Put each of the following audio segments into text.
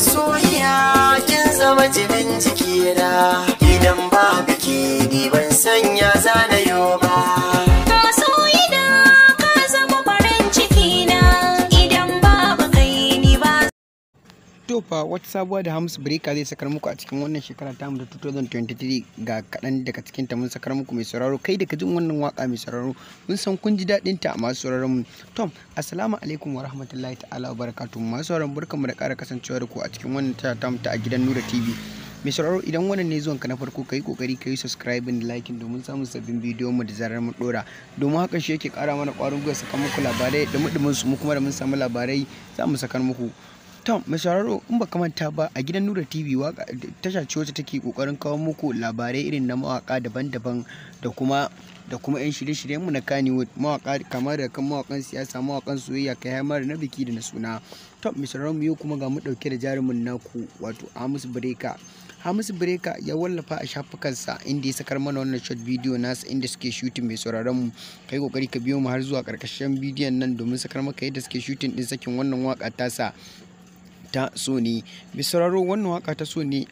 masoyiya kin zama jinin jikina to wata sabuwa da hamsu Breaker zai sakar muku a cikin wannan shekara tamu da 2023 ga kaɗan daga cikin ta mun sakar muku mai sauraro kai daga jin wannan waka mai sauraro mun san kun ji daɗin ta masu sauraron mu Tom assalamu alaikum wa rahmatullahi ta'ala wa barakatuh masu sauraron mu da kara kasancewa da ku a cikin wannan ta tamu ta a gidan Nura TV mai sauraro idan wannan ne zuwanka na farko ka yi kokari ka yi subscribing da liking domin samun sabbin bidiyon mu da zarar mu dora domin hakan shi yake kara mana kwarin gwiwa saka muku labarai da mudumin su mu kuma da mun samu labarai za mu sakar muku tom mai sauraro in ba manta ba a gidan nura tv tasha ce wacce take kokarin kawo muku labarai irin na mawaka daban-daban da kuma da kuma yan shirye-shiryen mu na kaniwood mawaka kamar da kan mawakan siyasa mawakan soyayya kai mara na biki da na suna tom mai sauraro mu yau kuma ga mu dauke da jarumin naku wato hamis breka hamis breka ya wallafa a shafukansa inda ya sakar mana wannan short video nasa inda suke shooting mai sauraron mu kai kokari ka biyo mu har zuwa karkashin bidiyon nan domin sakar maka yadda suke shooting din sakin wannan waka tasa ta Sony. Mai sauraro wannan waka ta Sony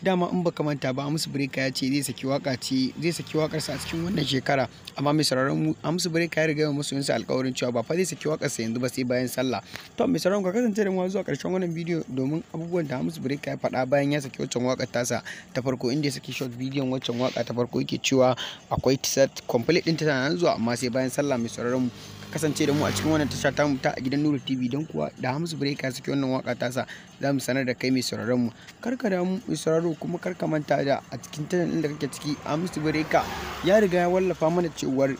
dama in baka manta ba Amsu Breka ya ce zai saki waka ce zai saki wakar sa a cikin wannan shekara amma mai sauraron mu Amsu Breka ya riga ya masoyin sa alƙawarin cewa ba fa zai saki wakar sa yanzu ba sai bayan sallah to mai sauraron ka kasance da mu zuwa karshen wannan bidiyo domin abubuwan da Amsu Breka ya faɗa bayan ya saki waccan wakar tasa ta farko inda ya saki short bidiyon waccan waka ta farko yake cewa akwai tsat complete din ta nan zuwa amma sai bayan sallah mai sauraron mu kasance da mu a cikin wannan tasha ta mu ta a gidan Nuru TV don kuwa da Hamisu breaker suke wannan waka ta sa za mu sanar da kai mai sauraron mu karka da mu mai sauraro kuma karka manta da a cikin tanan da kake ciki Hamisu breaker ya riga ya wallafa mana cewar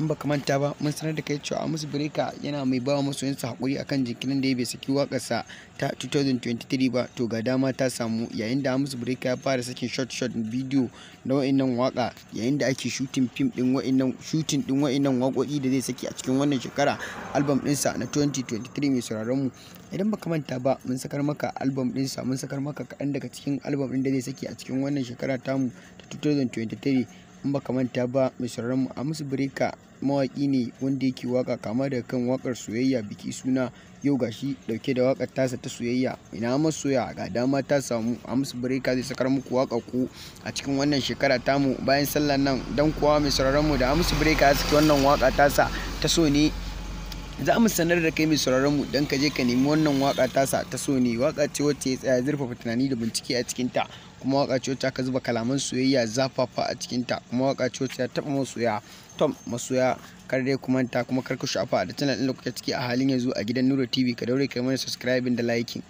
in baka manta ba mun sanar da kai cewa Amos Birika yana mai bawa su hakuri akan jinkirin da ya bai saki wakarsa ta 2023 ba to ga dama ta samu yayin da Amos Birika ya fara sakin short short video na wa'annan waka yayin da ake shooting film din wa'annan shooting din wa'annan waƙoƙi da zai saki a cikin wannan shekara album sa na 2023 mai sauraron mu idan baka manta ba mun sakar maka album sa mun sakar maka kaɗan daga cikin album din da zai saki a cikin wannan shekara tamu ta 2023 in baka manta ba mai sauraron mu amus Bireka mawaki ne wanda yake waka kama daga kan wakar soyayya biki suna yau gashi dauke da wakar tasa ta soyayya ina masoya ga dama ta samu amus birka zai sakar muku waka ku a cikin wannan shekara tamu bayan sallar nan dan kuwa mai mu da Amisu Bireka suke wannan waka tasa ta so ne za mu sanar da kai mai sauraron mu dan ka je ka nemi wannan waka tasa ta so ne waka ce wacce ya tsaya zurfafa tunani da bincike a cikin ta kuma waka ce ta ka zuba kalaman soyayya zafafa a cikin ta kuma waka ce ta taba masoya tom masoya kar dai kuma manta kuma kar ku shafa da channel din da kuke ciki a halin yanzu a gidan nuro tv ka daure kai mana subscribing da liking